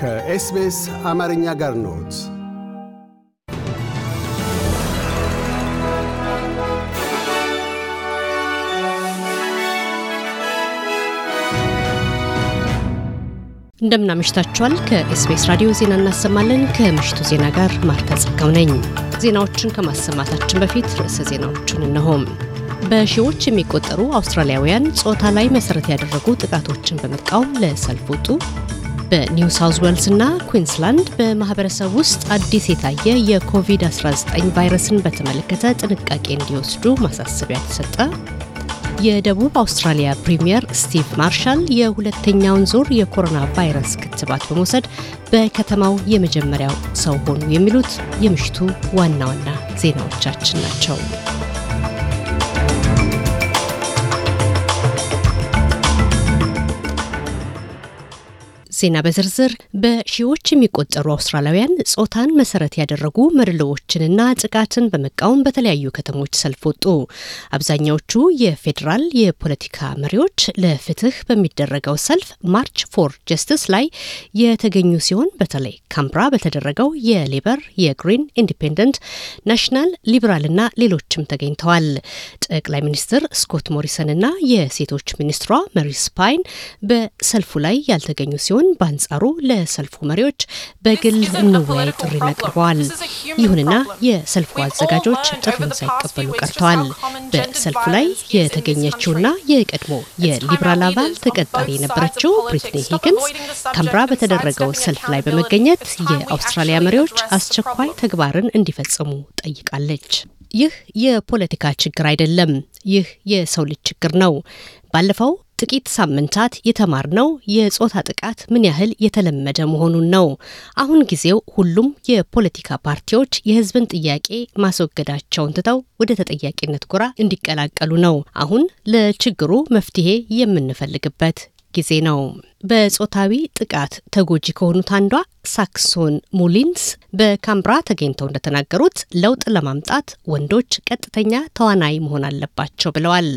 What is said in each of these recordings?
ከኤስቤስ አማርኛ ጋር ነት እንደምናመሽታችኋል። ከኤስቤስ ራዲዮ ዜና እናሰማለን። ከምሽቱ ዜና ጋር ማርከጸጋው ነኝ። ዜናዎቹን ከማሰማታችን በፊት ርዕሰ ዜናዎቹን እነሆም። በሺዎች የሚቆጠሩ አውስትራሊያውያን ጾታ ላይ መሰረት ያደረጉ ጥቃቶችን በመቃወም ለሰልፍ ወጡ። በኒው ሳውዝ ዌልስ እና ኩንስላንድ በማህበረሰብ ውስጥ አዲስ የታየ የኮቪድ-19 ቫይረስን በተመለከተ ጥንቃቄ እንዲወስዱ ማሳሰቢያ ተሰጠ። የደቡብ አውስትራሊያ ፕሪምየር ስቲቭ ማርሻል የሁለተኛውን ዙር የኮሮና ቫይረስ ክትባት በመውሰድ በከተማው የመጀመሪያው ሰው ሆኑ። የሚሉት የምሽቱ ዋና ዋና ዜናዎቻችን ናቸው። ዜና በዝርዝር በሺዎች የሚቆጠሩ አውስትራሊያውያን ጾታን መሰረት ያደረጉ መድሎዎችንና ጥቃትን በመቃወም በተለያዩ ከተሞች ሰልፍ ወጡ። አብዛኛዎቹ የፌዴራል የፖለቲካ መሪዎች ለፍትህ በሚደረገው ሰልፍ ማርች ፎር ጀስቲስ ላይ የተገኙ ሲሆን በተለይ ካምብራ በተደረገው የሌበር፣ የግሪን፣ ኢንዲፔንደንት፣ ናሽናል፣ ሊበራልና ሌሎችም ተገኝተዋል። ጠቅላይ ሚኒስትር ስኮት ሞሪሰንና የሴቶች ሚኒስትሯ መሪ ስፓይን በሰልፉ ላይ ያልተገኙ ሲሆን ሲሆን በአንጻሩ ለሰልፉ መሪዎች በግል እንወያይ ጥሪ አቅርበዋል። ይሁንና የሰልፉ አዘጋጆች ጥሪውን ሳይቀበሉ ቀርተዋል። በሰልፉ ላይ የተገኘችውና የቀድሞ የሊብራል አባል ተቀጣሪ የነበረችው ብሪትኒ ሂግንስ ካምብራ በተደረገው ሰልፍ ላይ በመገኘት የአውስትራሊያ መሪዎች አስቸኳይ ተግባርን እንዲፈጽሙ ጠይቃለች። ይህ የፖለቲካ ችግር አይደለም። ይህ የሰው ልጅ ችግር ነው። ባለፈው ጥቂት ሳምንታት የተማርነው የጾታ ጥቃት ምን ያህል የተለመደ መሆኑን ነው። አሁን ጊዜው ሁሉም የፖለቲካ ፓርቲዎች የሕዝብን ጥያቄ ማስወገዳቸውን ትተው ወደ ተጠያቂነት ጎራ እንዲቀላቀሉ ነው። አሁን ለችግሩ መፍትሄ የምንፈልግበት ጊዜ ነው። በጾታዊ ጥቃት ተጎጂ ከሆኑት አንዷ ሳክሶን ሙሊንስ በካምብራ ተገኝተው እንደተናገሩት ለውጥ ለማምጣት ወንዶች ቀጥተኛ ተዋናይ መሆን አለባቸው ብለዋል።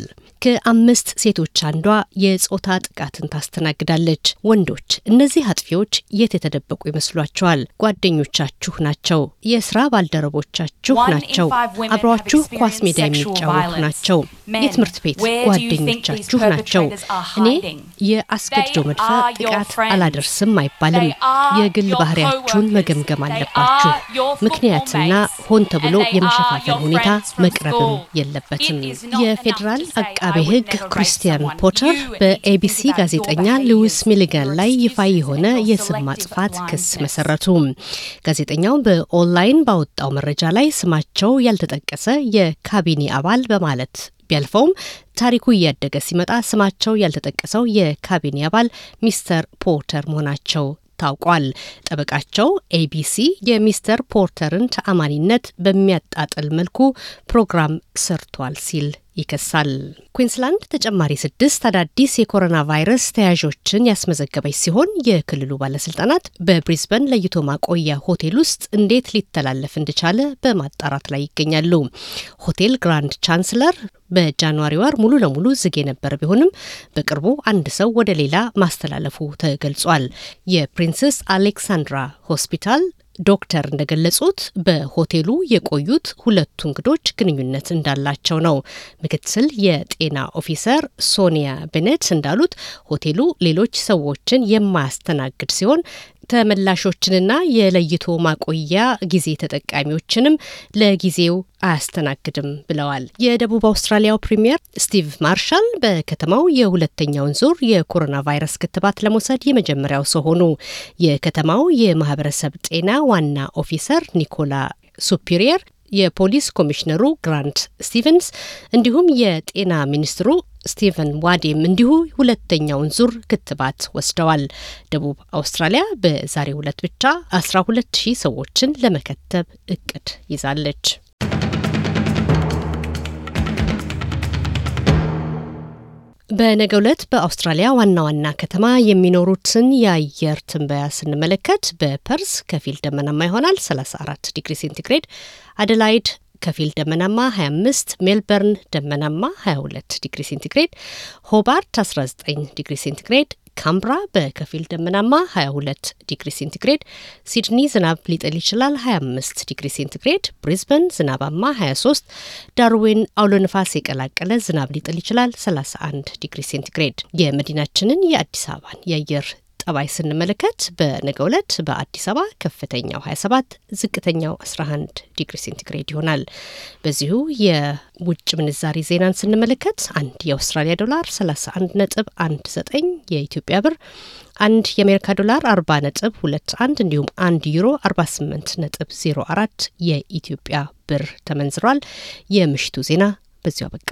ከአምስት ሴቶች አንዷ የጾታ ጥቃትን ታስተናግዳለች። ወንዶች፣ እነዚህ አጥፊዎች የት የተደበቁ ይመስሏቸዋል? ጓደኞቻችሁ ናቸው፣ የስራ ባልደረቦቻችሁ ናቸው፣ አብሯችሁ ኳስ ሜዳ የሚጫወቱ ናቸው፣ የትምህርት ቤት ጓደኞቻችሁ ናቸው። እኔ የአስገድዶ መድፈር ጥቃት አላደርስም አይባልም። የግል ባህሪያችሁን መገምገም አለባችሁ። ምክንያትና ሆን ተብሎ የመሸፋፈል ሁኔታ መቅረብም የለበትም። የፌዴራል አቃ አቃቤ ሕግ ክሪስቲያን ፖተር በኤቢሲ ጋዜጠኛ ሉዊስ ሚሊገን ላይ ይፋ የሆነ የስም ማጥፋት ክስ መሰረቱ። ጋዜጠኛው በኦንላይን ባወጣው መረጃ ላይ ስማቸው ያልተጠቀሰ የካቢኔ አባል በማለት ቢያልፈውም ታሪኩ እያደገ ሲመጣ ስማቸው ያልተጠቀሰው የካቢኔ አባል ሚስተር ፖተር መሆናቸው ታውቋል። ጠበቃቸው ኤቢሲ የሚስተር ፖርተርን ተአማኒነት በሚያጣጥል መልኩ ፕሮግራም ሰርቷል ሲል ይከሳል። ኩዊንስላንድ ተጨማሪ ስድስት አዳዲስ የኮሮና ቫይረስ ተያዦችን ያስመዘገበች ሲሆን የክልሉ ባለስልጣናት በብሪዝበን ለይቶ ማቆያ ሆቴል ውስጥ እንዴት ሊተላለፍ እንደቻለ በማጣራት ላይ ይገኛሉ። ሆቴል ግራንድ ቻንስለር በጃንዋሪ ወር ሙሉ ለሙሉ ዝግ የነበረ ቢሆንም በቅርቡ አንድ ሰው ወደ ሌላ ማስተላለፉ ተገልጿል። የፕሪንስስ አሌክሳንድራ ሆስፒታል ዶክተር እንደገለጹት በሆቴሉ የቆዩት ሁለቱ እንግዶች ግንኙነት እንዳላቸው ነው። ምክትል የጤና ኦፊሰር ሶኒያ ቤኔት እንዳሉት ሆቴሉ ሌሎች ሰዎችን የማያስተናግድ ሲሆን ተመላሾችንና የለይቶ ማቆያ ጊዜ ተጠቃሚዎችንም ለጊዜው አያስተናግድም ብለዋል። የደቡብ አውስትራሊያው ፕሪምየር ስቲቭ ማርሻል በከተማው የሁለተኛውን ዙር የኮሮና ቫይረስ ክትባት ለመውሰድ የመጀመሪያው ሰው ሆኑ። የከተማው የማህበረሰብ ጤና ዋና ኦፊሰር ኒኮላ ሱፒሪየር የፖሊስ ኮሚሽነሩ ግራንት ስቲቨንስ እንዲሁም የጤና ሚኒስትሩ ስቲቨን ዋዴም እንዲሁ ሁለተኛውን ዙር ክትባት ወስደዋል። ደቡብ አውስትራሊያ በዛሬው ዕለት ብቻ 12000 ሰዎችን ለመከተብ እቅድ ይዛለች። በነገ ዕለት በአውስትራሊያ ዋና ዋና ከተማ የሚኖሩትን የአየር ትንበያ ስንመለከት በፐርስ ከፊል ደመናማ ይሆናል 34 ዲግሪ ሴንቲግሬድ፣ አደላይድ ከፊል ደመናማ 25፣ ሜልበርን ደመናማ 22 ዲግሪ ሴንቲግሬድ፣ ሆባርት 19 ዲግሪ ሴንቲግሬድ፣ ካምብራ በከፊል ደመናማ 22 ዲግሪ ሴንቲግሬድ፣ ሲድኒ ዝናብ ሊጥል ይችላል 25 ዲግሪ ሴንቲግሬድ፣ ብሪዝበን ዝናባማ 23፣ ዳርዊን አውሎ ንፋስ የቀላቀለ ዝናብ ሊጥል ይችላል 31 ዲግሪ ሴንቲግሬድ። የመዲናችንን የአዲስ አበባን የአየር ጸባይ ስንመለከት በነገው ዕለት በአዲስ አበባ ከፍተኛው 27 ዝቅተኛው 11 ዲግሪ ሴንቲግሬድ ይሆናል። በዚሁ የውጭ ምንዛሬ ዜናን ስንመለከት አንድ የአውስትራሊያ ዶላር 31 ነጥብ 19 የኢትዮጵያ ብር አንድ የአሜሪካ ዶላር 40 ነጥብ 21 እንዲሁም አንድ ዩሮ 48 ነጥብ 04 የኢትዮጵያ ብር ተመንዝሯል። የምሽቱ ዜና በዚሁ አበቃ።